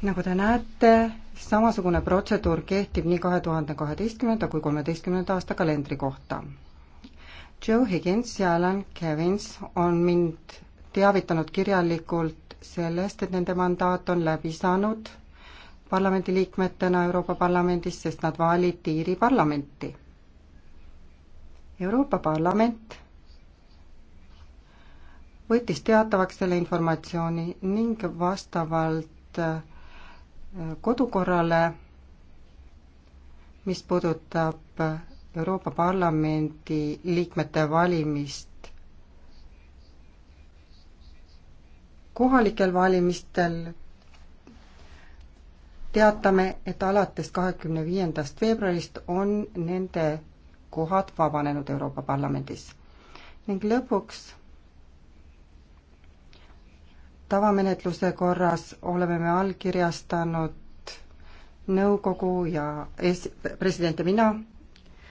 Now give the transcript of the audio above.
nagu te näete, samasugune protseduur kehtib nii kahe tuhande kaheteistkümnenda kui kolmeteistkümnenda aasta kalendri kohta. Joe Higgins ja Alan Kevins on mind teavitanud kirjalikult sellest, et nende mandaat on läbi saanud parlamendiliikmetena Euroopa Parlamendis, sest nad valiti Iiri parlamenti. Euroopa Parlament võttis teatavaks selle informatsiooni ning vastavalt kodukorrale, mis puudutab Euroopa Parlamendi liikmete valimist kohalikel valimistel teatame, et alates kahekümne viiendast veebruarist on nende kohad vabanenud Euroopa Parlamendis. ning lõpuks tavamenetluse korras oleme me allkirjastanud nõukogu ja es-, president ja mina